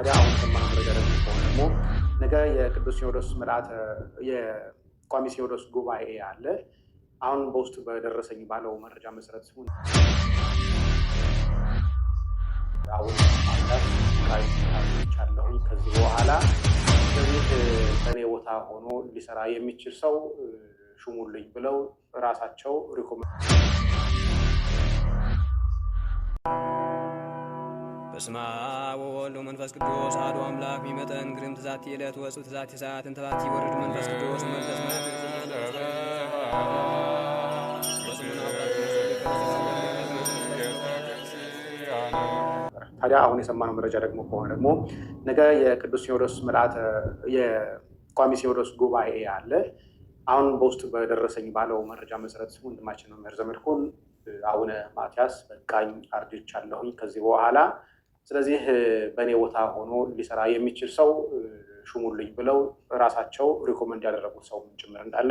ታዲያ አሁን ሰማነው መረጃ ደግሞ ነገ የቅዱስ ሲኖዶስ ምልአተ የቋሚ ሲኖዶስ ጉባኤ አለ። አሁን በውስጥ በደረሰኝ ባለው መረጃ መሰረት ሲሆን አሁን ማላት ከዚህ በኋላ በዚህ በእኔ ቦታ ሆኖ ሊሰራ የሚችል ሰው ሹሙልኝ ብለው ራሳቸው ሪኮመንድ በስመ አብ ወወልድ ወመንፈስ ቅዱስ አሐዱ አምላክ ቢመጠን ግርም ትዛቲ ዕለት ትዛቲ ሰዓት መንፈስ ቅዱስ መንፈስ ታዲያ አሁን የሰማነው መረጃ ደግሞ ከሆነ ደግሞ ነገ የቅዱስ ሲኖዶስ ምልአተ የቋሚ ሲኖዶስ ጉባኤ አለ። አሁን በውስጥ በደረሰኝ ባለው መረጃ መሰረት ወንድማችን መምህር ዘመድኩን አቡነ ማትያስ በቃኝ አርጅቻለሁኝ ከዚህ በኋላ ስለዚህ በእኔ ቦታ ሆኖ ሊሰራ የሚችል ሰው ሹሙልኝ ብለው ራሳቸው ሪኮመንድ ያደረጉት ሰው ጭምር እንዳለ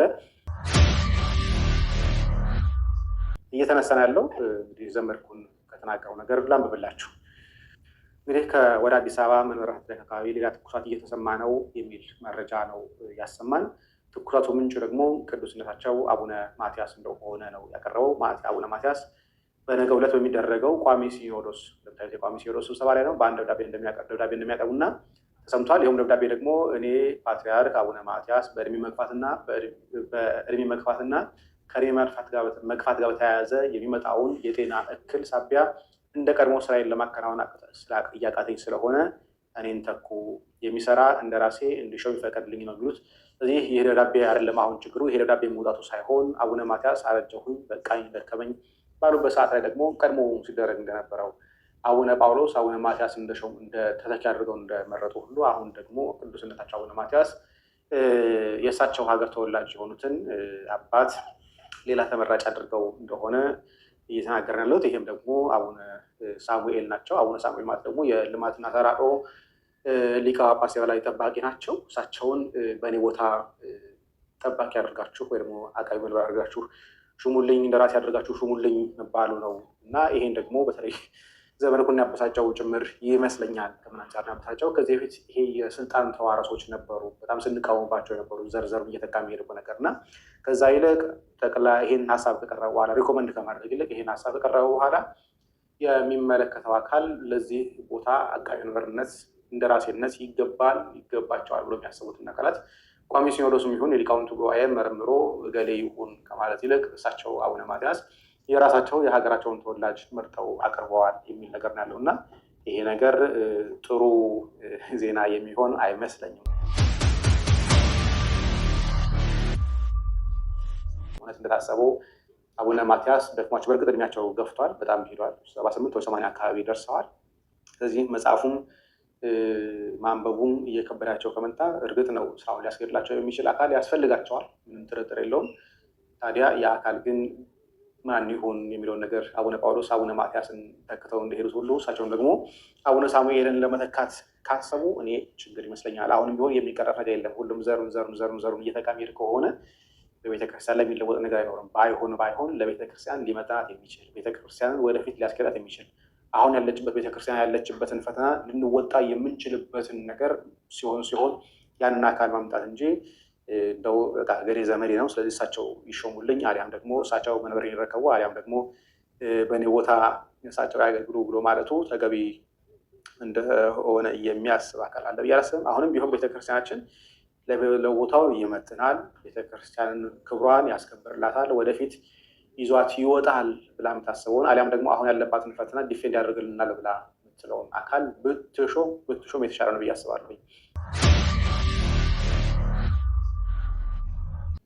እየተነሳን ያለው እንግዲህ ዘመድኩን ከተናገረው ነገር ላንብብላችሁ። እንግዲህ ወደ አዲስ አበባ መኖሪያ አካባቢ ሌላ ትኩሳት እየተሰማ ነው የሚል መረጃ ነው ያሰማን። ትኩሳቱ ምንጭ ደግሞ ቅዱስነታቸው አቡነ ማቲያስ እንደሆነ ነው ያቀረበው። አቡነ ማቲያስ በነገ ዕለት በሚደረገው ቋሚ ሲኖዶስ እንደምታዩት የቋሚ ሲኖዶስ ስብሰባ ላይ ነው በአንድ ደብዳቤ እና ተሰምቷል። ይኸውም ደብዳቤ ደግሞ እኔ ፓትሪያርክ አቡነ ማትያስ በእድሜ መግፋትና በእድሜ መግፋትና ከእድሜ መግፋት ጋር በተያያዘ የሚመጣውን የጤና እክል ሳቢያ እንደ ቀድሞ ስራዬን ለማከናወን እያቃተኝ ስለሆነ እኔን ተኩ የሚሰራ እንደ ራሴ እንዲሾም ይፈቀድልኝ ነው የሚሉት። ስለዚህ ይህ ደብዳቤ አይደለም አሁን ችግሩ። ይሄ ደብዳቤ መውጣቱ ሳይሆን አቡነ ማትያስ አረጀሁኝ፣ በቃኝ፣ ደከመኝ ባሉበት ሰዓት ላይ ደግሞ ቀድሞ ሲደረግ እንደነበረው አቡነ ጳውሎስ አቡነ ማቲያስ እንደሸው እንደ ተተኪ አድርገው እንደመረጡ ሁሉ አሁን ደግሞ ቅዱስነታቸው አቡነ ማቲያስ የእሳቸው ሀገር ተወላጅ የሆኑትን አባት ሌላ ተመራጭ አድርገው እንደሆነ እየተናገር ያለሁት። ይህም ደግሞ አቡነ ሳሙኤል ናቸው። አቡነ ሳሙኤል ማለት ደግሞ የልማትና ተራድኦ ሊቀ ጳጳስ የበላይ ጠባቂ ናቸው። እሳቸውን በእኔ ቦታ ጠባቂ አድርጋችሁ ወይ ደግሞ አቃቢ መንበር አድርጋችሁ ሹሙልኝ እንደራሴ ያደርጋችሁ ሹሙልኝ መባሉ ነው እና ይሄን ደግሞ በተለይ ዘመን ኩን ያበሳጨው ጭምር ይመስለኛል። ከምን አንጻር ያበሳጨው? ከዚህ በፊት ይሄ የስልጣን ተዋረሶች ነበሩ፣ በጣም ስንቃወምባቸው የነበሩ ዘርዘር እየተካ የሚሄድበት ነገር እና ከዛ ይልቅ ጠቅላ ይሄን ሀሳብ ከቀረበ በኋላ ሪኮመንድ ከማድረግ ይልቅ ይሄን ሀሳብ ከቀረበ በኋላ የሚመለከተው አካል ለዚህ ቦታ አቃቢ መንበርነት እንደራሴነት ይገባል ይገባቸዋል ብሎ የሚያስቡትን አካላት ቋሚ ሲኖዶሱም ይሁን የሊቃውንቱ ጉባኤ መርምሮ እገሌ ይሁን ከማለት ይልቅ እሳቸው አቡነ ማትያስ የራሳቸው የሀገራቸውን ተወላጅ መርጠው አቅርበዋል የሚል ነገር ነው ያለው እና ይሄ ነገር ጥሩ ዜና የሚሆን አይመስለኝም። እውነት እንደታሰበው አቡነ ማትያስ ደክሟቸው፣ በእርግጥ እድሜያቸው ገፍቷል፣ በጣም ሄዷል፣ ሰባ ስምንት ወይ ሰማንያ አካባቢ ደርሰዋል። ስለዚህ መጽሐፉም ማንበቡም እየከበዳቸው ከመጣ እርግጥ ነው ስራውን ሊያስገድላቸው የሚችል አካል ያስፈልጋቸዋል፣ ምንም ጥርጥር የለውም። ታዲያ ያ አካል ግን ማን ይሁን የሚለውን ነገር አቡነ ጳውሎስ አቡነ ማትያስን ተክተው እንደሄዱት ሁሉ እሳቸውን ደግሞ አቡነ ሳሙኤልን ለመተካት ካሰቡ እኔ ችግር ይመስለኛል። አሁንም ቢሆን የሚቀረፍ ነገር የለም። ሁሉም ዘሩን ዘሩን ዘሩን ዘሩን እየተቃሚር ከሆነ በቤተክርስቲያን ለሚለወጥ ነገር አይኖርም። ባይሆን ባይሆን ለቤተክርስቲያን ሊመጣት የሚችል ቤተክርስቲያንን ወደፊት ሊያስኬዳት የሚችል አሁን ያለችበት ቤተክርስቲያን ያለችበትን ፈተና ልንወጣ የምንችልበትን ነገር ሲሆን ሲሆን ያንን አካል ማምጣት እንጂ እንደው በቃ ዘመዴ ነው ስለዚህ እሳቸው ይሾሙልኝ አሊያም ደግሞ እሳቸው መንበር ይረከቡ አሊያም ደግሞ በእኔ ቦታ እሳቸው ያገልግሉ ብሎ ማለቱ ተገቢ እንደሆነ የሚያስብ አካል አለ ብዬ አላስብም። አሁንም ቢሆን ቤተክርስቲያናችን ለቦታው ይመጥናል፣ ቤተክርስቲያንን ክብሯን ያስከብርላታል ወደፊት ይዟት ይወጣል ብላ የምታስበውን አሊያም ደግሞ አሁን ያለባትን ፈተና ዲፌንድ ያደርግልናል ብላ የምትለውን አካል ብትሾ ብትሾም የተሻለ ነው ብዬ አስባለሁ።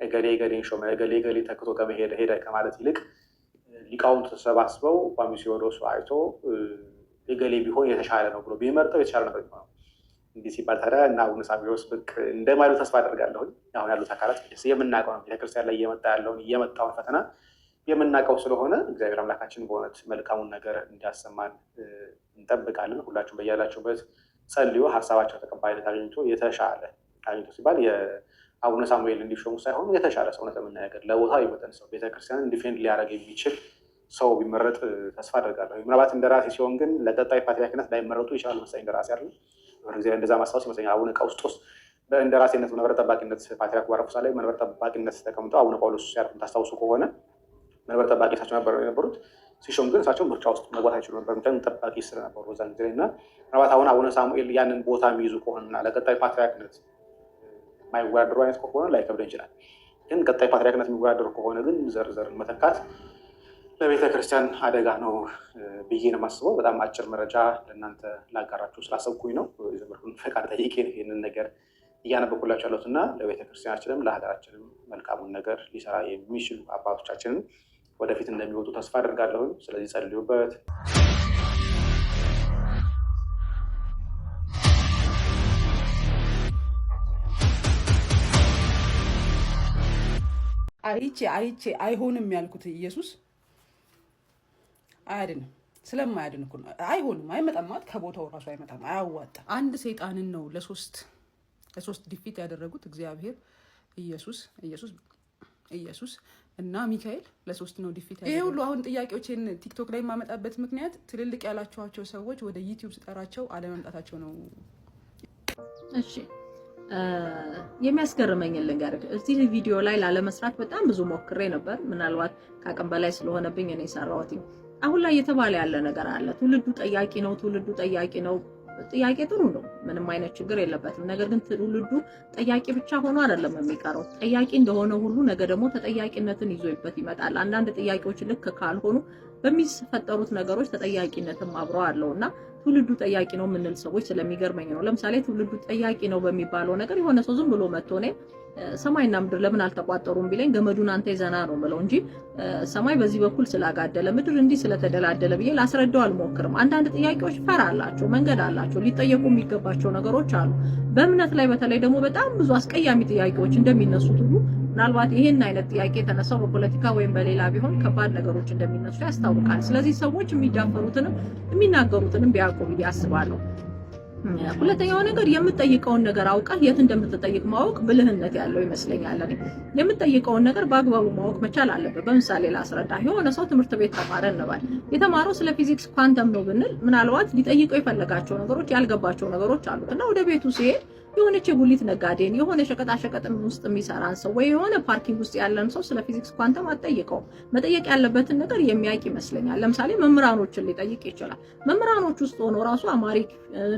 እገሌ እገሌን ሾመ፣ እገሌ እገሌ ተክቶ ከመሄደ ሄደ ከማለት ይልቅ ሊቃውንት ተሰባስበው ቋሚ ሲኖዶሱ አይቶ እገሌ ቢሆን የተሻለ ነው ብሎ ቢመርጠው የተሻለ ነበር ነው። እንዲህ ሲባል ታዲያ እና አቡነ ሳዊሮስ ብቅ እንደማይሉ ተስፋ አደርጋለሁኝ። አሁን ያሉት አካላት የምናውቀው ነው። ቤተክርስቲያን ላይ እየመጣ ያለውን እየመጣውን ፈተና የምናውቀው ስለሆነ እግዚአብሔር አምላካችን በእውነት መልካሙን ነገር እንዲያሰማን እንጠብቃለን። ሁላችሁም በያላችሁበት ጸልዮ ሀሳባቸው ተቀባይነት አግኝቶ የተሻለ አግኝቶ ሲባል የአቡነ ሳሙኤል እንዲሾሙ ሳይሆን የተሻለ ሰውነት የምናያገር ለቦታው ይመጠን ሰው ቤተክርስቲያን ዲፌንድ ሊያደርግ የሚችል ሰው ቢመረጥ ተስፋ አደርጋለሁ። ምናልባት እንደራሴ ሲሆን ግን ለቀጣይ ፓትሪያርክነት ላይመረጡ ይችላሉ መሰለኝ። እንደራሴ አለ ጊዜ እንደዛ ማስታወስ ይመስለኛል። አቡነ ቀውስጦስ በእንደራሴነት መንበረ ጠባቂነት ፓትሪያርክ ባረፉሳ ላይ መንበረ ጠባቂነት ተቀምጠው አቡነ ጳውሎስ ሲያርፉ ታስታውሱ ከሆነ መንበር ጠባቂ እሳቸው ነበር የነበሩት። ሲሾም ግን እሳቸው ምርጫ ውስጥ መግባት አይችሉ ነበር፣ ምክንያቱም ጠባቂ ስለነበሩ በዛን ጊዜ እና ምናልባት አሁን አቡነ ሳሙኤል ያንን ቦታ የሚይዙ ከሆነና ለቀጣይ ፓትሪያርክነት የማይወዳደሩ አይነት ከሆነ ላይከብደ ይችላል። ግን ቀጣይ ፓትሪያርክነት የሚወዳደሩ ከሆነ ግን ዘርዘርን መተካት ለቤተ ክርስቲያን አደጋ ነው ብዬ ነው የማስበው። በጣም አጭር መረጃ ለእናንተ ላጋራችሁ ስላሰብኩኝ ነው። የዘመድኩን ፈቃድ ጠይቄ ይህንን ነገር እያነበኩላቸው ያሉት እና ለቤተ ክርስቲያናችንም ለሀገራችንም መልካሙን ነገር ሊሰራ የሚችሉ አባቶቻችንን ወደፊት እንደሚወጡ ተስፋ አድርጋለሁ። ስለዚህ ጸልዩበት። አይቼ አይቼ አይሆንም ያልኩት ኢየሱስ አያድንም ስለማያድን እኮ አይሆንም፣ አይመጣም ማለት ከቦታው ራሱ አይመጣም፣ አያዋጣ። አንድ ሰይጣንን ነው ለሶስት ለሶስት ዲፊት ያደረጉት እግዚአብሔር ኢየሱስ ኢየሱስ ኢየሱስ እና ሚካኤል ለሶስት ነው ዲፊት። ይሄ ሁሉ አሁን ጥያቄዎችን ቲክቶክ ላይ የማመጣበት ምክንያት ትልልቅ ያላችኋቸው ሰዎች ወደ ዩቲዩብ ስጠራቸው አለመምጣታቸው ነው። እሺ የሚያስገርመኝ ልንገርህ። እዚህ ቪዲዮ ላይ ላለመስራት በጣም ብዙ ሞክሬ ነበር። ምናልባት ከአቅም በላይ ስለሆነብኝ እኔ ሰራሁት። አሁን ላይ እየተባለ ያለ ነገር አለ። ትውልዱ ጠያቂ ነው፣ ትውልዱ ጠያቂ ነው ጥያቄ ጥሩ ነው፣ ምንም አይነት ችግር የለበትም። ነገር ግን ትውልዱ ጠያቂ ብቻ ሆኖ አይደለም የሚቀረው። ጠያቂ እንደሆነ ሁሉ ነገ ደግሞ ተጠያቂነትን ይዞበት ይመጣል። አንዳንድ ጥያቄዎች ልክ ካልሆኑ በሚፈጠሩት ነገሮች ተጠያቂነትም አብረው አለው እና ትውልዱ ጠያቂ ነው የምንል ሰዎች ስለሚገርመኝ ነው። ለምሳሌ ትውልዱ ጠያቂ ነው በሚባለው ነገር የሆነ ሰው ዝም ብሎ መጥቶ እኔ ሰማይና ምድር ለምን አልተቋጠሩም ቢለኝ ገመዱን አንተ ይዘና ነው ምለው እንጂ ሰማይ በዚህ በኩል ስላጋደለ ምድር እንዲህ ስለተደላደለ ብዬ ላስረዳው አልሞክርም። አንዳንድ ጥያቄዎች ፈር አላቸው፣ መንገድ አላቸው፣ ሊጠየቁ የሚገባቸው ነገሮች አሉ። በእምነት ላይ በተለይ ደግሞ በጣም ብዙ አስቀያሚ ጥያቄዎች እንደሚነሱት ሁሉ ምናልባት ይህን አይነት ጥያቄ የተነሳው በፖለቲካ ወይም በሌላ ቢሆን ከባድ ነገሮች እንደሚነሱ ያስታውቃል። ስለዚህ ሰዎች የሚዳፈሩትንም የሚናገሩትንም ቢያውቁ ብዬ አስባለሁ። ሁለተኛው ነገር የምጠይቀውን ነገር አውቃል የት እንደምትጠይቅ ማወቅ ብልህነት ያለው ይመስለኛል። እኔ የምጠይቀውን ነገር በአግባቡ ማወቅ መቻል አለበት። በምሳሌ ላስረዳ። የሆነ ሰው ትምህርት ቤት ተማረ እንበል። የተማረው ስለ ፊዚክስ ኳንተም ነው ብንል ምናልባት ሊጠይቀው የፈለጋቸው ነገሮች ያልገባቸው ነገሮች አሉት እና ወደ ቤቱ ሲሄድ የሆነች የጉሊት ነጋዴን የሆነ ሸቀጣሸቀጥ ውስጥ የሚሰራን ሰው ወይ የሆነ ፓርኪንግ ውስጥ ያለን ሰው ስለ ፊዚክስ ኳንተም አጠይቀው መጠየቅ ያለበትን ነገር የሚያውቅ ይመስለኛል። ለምሳሌ መምህራኖችን ሊጠይቅ ይችላል። መምህራኖች ውስጥ ሆኖ ራሱ አማሪክ፣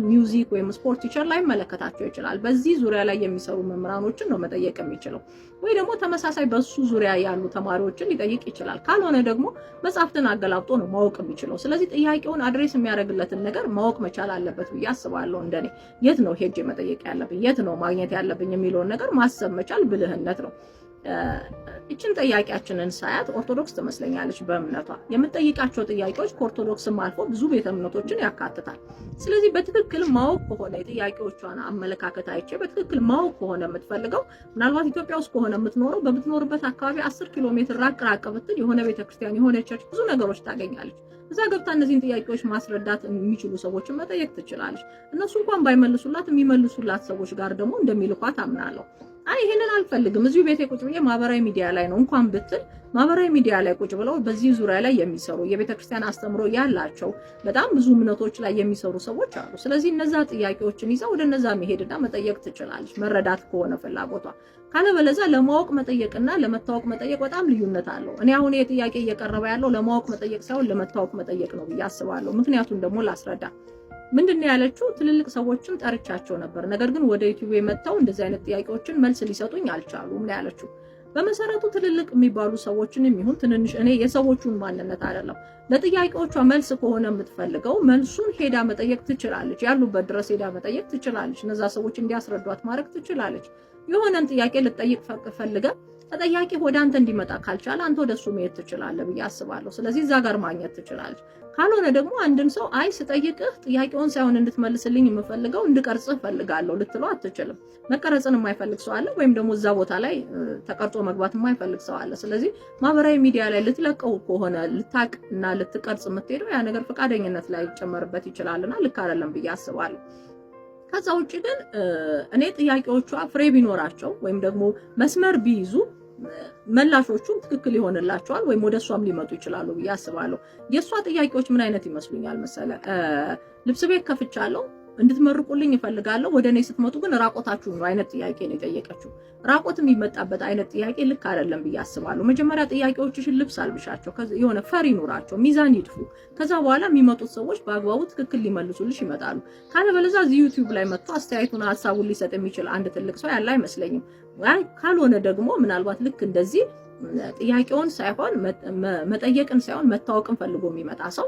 ሚውዚክ ወይም ስፖርት ቲቸር ላይ መለከታቸው ይችላል። በዚህ ዙሪያ ላይ የሚሰሩ መምህራኖችን ነው መጠየቅ የሚችለው። ወይ ደግሞ ተመሳሳይ በሱ ዙሪያ ያሉ ተማሪዎችን ሊጠይቅ ይችላል። ካልሆነ ደግሞ መጽሐፍትን አገላብጦ ነው ማወቅ የሚችለው። ስለዚህ ጥያቄውን አድሬስ የሚያደርግለትን ነገር ማወቅ መቻል አለበት ብዬ አስባለሁ። እንደኔ የት ነው ሄጅ መጠየቅ ያለ ያለብኝ፣ የት ነው ማግኘት ያለብኝ የሚለውን ነገር ማሰብ መቻል ብልህነት ነው። እችን ጠያቂያችንን ሳያት ኦርቶዶክስ ትመስለኛለች በእምነቷ። የምጠይቃቸው ጥያቄዎች ከኦርቶዶክስም አልፎ ብዙ ቤተ እምነቶችን ያካትታል። ስለዚህ በትክክል ማወቅ ከሆነ የጥያቄዎቿን አመለካከት አይቼ በትክክል ማወቅ ከሆነ የምትፈልገው ምናልባት ኢትዮጵያ ውስጥ ከሆነ የምትኖረው በምትኖርበት አካባቢ አስር ኪሎ ሜትር ራቅ ራቅ ብትል የሆነ ቤተክርስቲያን፣ የሆነ ቸርች ብዙ ነገሮች ታገኛለች። እዛ ገብታ እነዚህን ጥያቄዎች ማስረዳት የሚችሉ ሰዎችን መጠየቅ ትችላለች። እነሱ እንኳን ባይመልሱላት የሚመልሱላት ሰዎች ጋር ደግሞ እንደሚልኳት አምናለሁ። አይ ይሄንን አልፈልግም እዚሁ ቤቴ ቁጭ ብዬ ማህበራዊ ሚዲያ ላይ ነው እንኳን ብትል ማህበራዊ ሚዲያ ላይ ቁጭ ብለው በዚህ ዙሪያ ላይ የሚሰሩ የቤተክርስቲያን አስተምሮ ያላቸው በጣም ብዙ እምነቶች ላይ የሚሰሩ ሰዎች አሉ። ስለዚህ እነዛ ጥያቄዎችን ይዛ ወደ እነዛ መሄድና መጠየቅ ትችላለች፣ መረዳት ከሆነ ፍላጎቷ። ካለበለዛ ለማወቅ መጠየቅና ለመታወቅ መጠየቅ በጣም ልዩነት አለው። እኔ አሁን ይህ ጥያቄ እየቀረበ ያለው ለማወቅ መጠየቅ ሳይሆን ለመታወቅ መጠየቅ ነው ብዬ አስባለሁ። ምክንያቱም ደግሞ ላስረዳ ምንድን ነው ያለችው? ትልልቅ ሰዎችም ጠርቻቸው ነበር፣ ነገር ግን ወደ ዩቲዩብ መጥተው እንደዚህ አይነት ጥያቄዎችን መልስ ሊሰጡኝ አልቻሉም ነው ያለችው። በመሰረቱ ትልልቅ የሚባሉ ሰዎችን የሚሆን ትንንሽ እኔ የሰዎቹን ማንነት አይደለም። ለጥያቄዎቿ መልስ ከሆነ የምትፈልገው መልሱን ሄዳ መጠየቅ ትችላለች። ያሉበት ድረስ ሄዳ መጠየቅ ትችላለች። እነዛ ሰዎች እንዲያስረዷት ማድረግ ትችላለች። የሆነን ጥያቄ ልጠይቅ ፈልገ ተጠያቂ ወደ አንተ እንዲመጣ ካልቻለ አንተ ወደ እሱ መሄድ ትችላለህ ብዬ አስባለሁ። ስለዚህ እዛ ጋር ማግኘት ትችላለች። ካልሆነ ደግሞ አንድን ሰው አይ ስጠይቅህ ጥያቄውን ሳይሆን እንድትመልስልኝ የምፈልገው እንድቀርጽህ እፈልጋለሁ ልትለው አትችልም። መቀረጽን የማይፈልግ ሰው አለ፣ ወይም ደግሞ እዛ ቦታ ላይ ተቀርጾ መግባት የማይፈልግ ሰው አለ። ስለዚህ ማህበራዊ ሚዲያ ላይ ልትለቀው ከሆነ ልታቅ እና ልትቀርጽ የምትሄደው ያ ነገር ፈቃደኝነት ላይ ሊጨመርበት ይችላልና ልክ አይደለም ብዬ አስባለሁ። ከዛ ውጭ ግን እኔ ጥያቄዎቿ ፍሬ ቢኖራቸው ወይም ደግሞ መስመር ቢይዙ መላሾቹም ትክክል ይሆንላቸዋል ወይም ወደ እሷም ሊመጡ ይችላሉ ብዬ አስባለሁ። የእሷ ጥያቄዎች ምን አይነት ይመስሉኛል መሰለ ልብስ ቤት ከፍቻለሁ እንድትመርቁልኝ እፈልጋለሁ። ወደ እኔ ስትመጡ ግን ራቆታችሁ ነው አይነት ጥያቄ ነው የጠየቀችው። ራቆት የሚመጣበት አይነት ጥያቄ ልክ አይደለም ብዬ አስባለሁ። መጀመሪያ ጥያቄዎችሽን ልብስ አልብሻቸው፣ የሆነ ፈር ይኑራቸው፣ ሚዛን ይድፉ። ከዛ በኋላ የሚመጡት ሰዎች በአግባቡ ትክክል ሊመልሱልሽ ይመጣሉ። ካለበለዛ እዚህ ዩቲዩብ ላይ መጥቶ አስተያየቱን ሀሳቡን ሊሰጥ የሚችል አንድ ትልቅ ሰው ያለ አይመስለኝም። ካልሆነ ደግሞ ምናልባት ልክ እንደዚህ ጥያቄውን ሳይሆን መጠየቅን ሳይሆን መታወቅን ፈልጎ የሚመጣ ሰው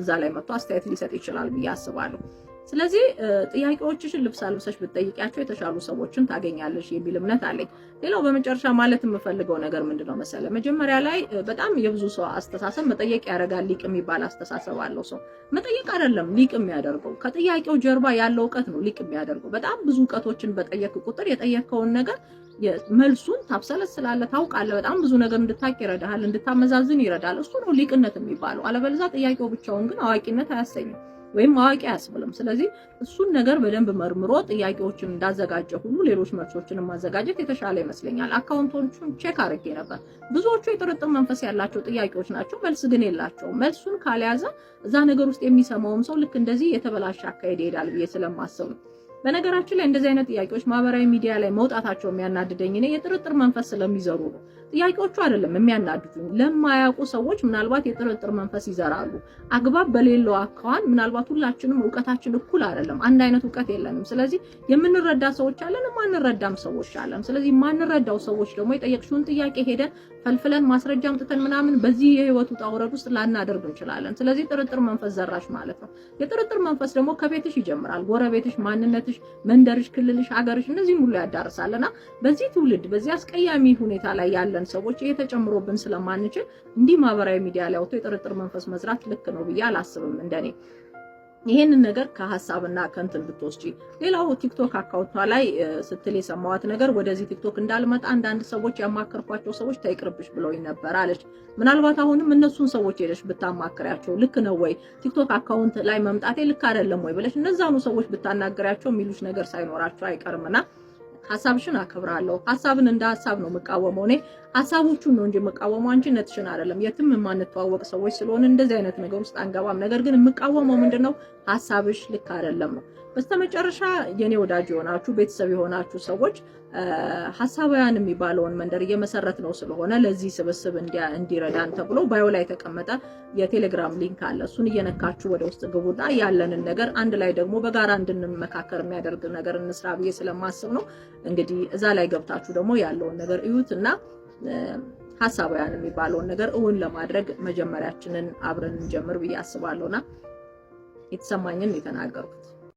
እዛ ላይ መጥቶ አስተያየት ሊሰጥ ይችላል ብዬ አስባለሁ። ስለዚህ ጥያቄዎችሽን ልብስ አልብሰሽ ብትጠይቂያቸው የተሻሉ ሰዎችን ታገኛለሽ የሚል እምነት አለኝ። ሌላው በመጨረሻ ማለት የምፈልገው ነገር ምንድን ነው መሰለ፣ መጀመሪያ ላይ በጣም የብዙ ሰው አስተሳሰብ መጠየቅ ያደርጋል ሊቅ የሚባል አስተሳሰብ አለው። ሰው መጠየቅ አይደለም ሊቅ የሚያደርገው ከጥያቄው ጀርባ ያለው እውቀት ነው ሊቅ የሚያደርገው። በጣም ብዙ እውቀቶችን በጠየቅ ቁጥር የጠየቅከውን ነገር መልሱን ስላለ ታውቃለህ። በጣም ብዙ ነገር እንድታቅ ይረዳሃል፣ እንድታመዛዝን ይረዳል። እሱ ነው ሊቅነት የሚባለው። አለበለዛ ጥያቄው ብቻውን ግን አዋቂነት አያሰኝም። ወይም ማወቂ አያስብልም። ስለዚህ እሱን ነገር በደንብ መርምሮ ጥያቄዎችን እንዳዘጋጀ ሁሉ ሌሎች መልሶችንም ማዘጋጀት የተሻለ ይመስለኛል። አካውንቶቹን ቼክ አድርጌ ነበር። ብዙዎቹ የጥርጥር መንፈስ ያላቸው ጥያቄዎች ናቸው፣ መልስ ግን የላቸውም። መልሱን ካልያዘ እዛ ነገር ውስጥ የሚሰማውም ሰው ልክ እንደዚህ የተበላሸ አካሄድ ይሄዳል ብዬ ስለማስብ ነው። በነገራችን ላይ እንደዚህ አይነት ጥያቄዎች ማህበራዊ ሚዲያ ላይ መውጣታቸው የሚያናድደኝ እኔ የጥርጥር መንፈስ ስለሚዘሩ ነው። ጥያቄዎቹ አይደለም የሚያናድዱኝ። ለማያውቁ ሰዎች ምናልባት የጥርጥር መንፈስ ይዘራሉ። አግባብ በሌለው አካዋን ምናልባት ሁላችንም እውቀታችን እኩል አይደለም፣ አንድ አይነት እውቀት የለንም። ስለዚህ የምንረዳ ሰዎች አለን፣ የማንረዳም ሰዎች አለን። ስለዚህ የማንረዳው ሰዎች ደግሞ የጠየቅሽውን ጥያቄ ሄደን ፈልፍለን ማስረጃ አምጥተን ምናምን በዚህ የህይወት ውጣ ውረድ ውስጥ ላናደርግ እንችላለን። ስለዚህ ጥርጥር መንፈስ ዘራሽ ማለት ነው። የጥርጥር መንፈስ ደግሞ ከቤትሽ ይጀምራል። ጎረቤትሽ፣ ማንነትሽ፣ መንደርሽ፣ ክልልሽ፣ አገርሽ እነዚህም ሁሉ ያዳርሳልና በዚህ ትውልድ በዚህ አስቀያሚ ሁኔታ ላይ ያለን ሰዎች ይሄ ተጨምሮብን ስለማንችል እንዲህ ማህበራዊ ሚዲያ ላይ አውጥቶ የጥርጥር መንፈስ መዝራት ልክ ነው ብዬ አላስብም እንደኔ ይሄንን ነገር ከሀሳብና ከንትን ብትወስጪ። ሌላው ቲክቶክ አካውንቷ ላይ ስትል የሰማዋት ነገር ወደዚህ ቲክቶክ እንዳልመጣ አንዳንድ ሰዎች ያማከርኳቸው ሰዎች ተይቅርብሽ ብለውኝ ነበር አለች። ምናልባት አሁንም እነሱን ሰዎች ሄደሽ ብታማክሪያቸው ልክ ነው ወይ ቲክቶክ አካውንት ላይ መምጣቴ ልክ አይደለም ወይ ብለሽ እነዛኑ ሰዎች ብታናገሪያቸው የሚሉሽ ነገር ሳይኖራቸው አይቀርምና ሀሳብሽን አከብራለሁ። ሀሳብን እንደ ሀሳብ ነው የምቃወመው እኔ ሀሳቦቹን ነው እንጂ የምቃወመው ነትሽን አይደለም። የትም የማንተዋወቅ ሰዎች ስለሆነ እንደዚህ አይነት ነገር ውስጥ አንገባም። ነገር ግን የምቃወመው ምንድን ነው ሀሳብሽ ልክ አይደለም ነው በስተመጨረሻ የኔ ወዳጅ የሆናችሁ ቤተሰብ የሆናችሁ ሰዎች ሀሳባውያን የሚባለውን መንደር እየመሰረት ነው ስለሆነ ለዚህ ስብስብ እንዲረዳን ተብሎ ባዮ ላይ የተቀመጠ የቴሌግራም ሊንክ አለ። እሱን እየነካችሁ ወደ ውስጥ ግቡና ያለንን ነገር አንድ ላይ ደግሞ በጋራ እንድንመካከር የሚያደርግ ነገር እንስራ ብዬ ስለማስብ ነው። እንግዲህ እዛ ላይ ገብታችሁ ደግሞ ያለውን ነገር እዩት እና ሀሳባውያን የሚባለውን ነገር እውን ለማድረግ መጀመሪያችንን አብረን እንጀምር ብዬ አስባለሁና የተሰማኝን የተናገርኩት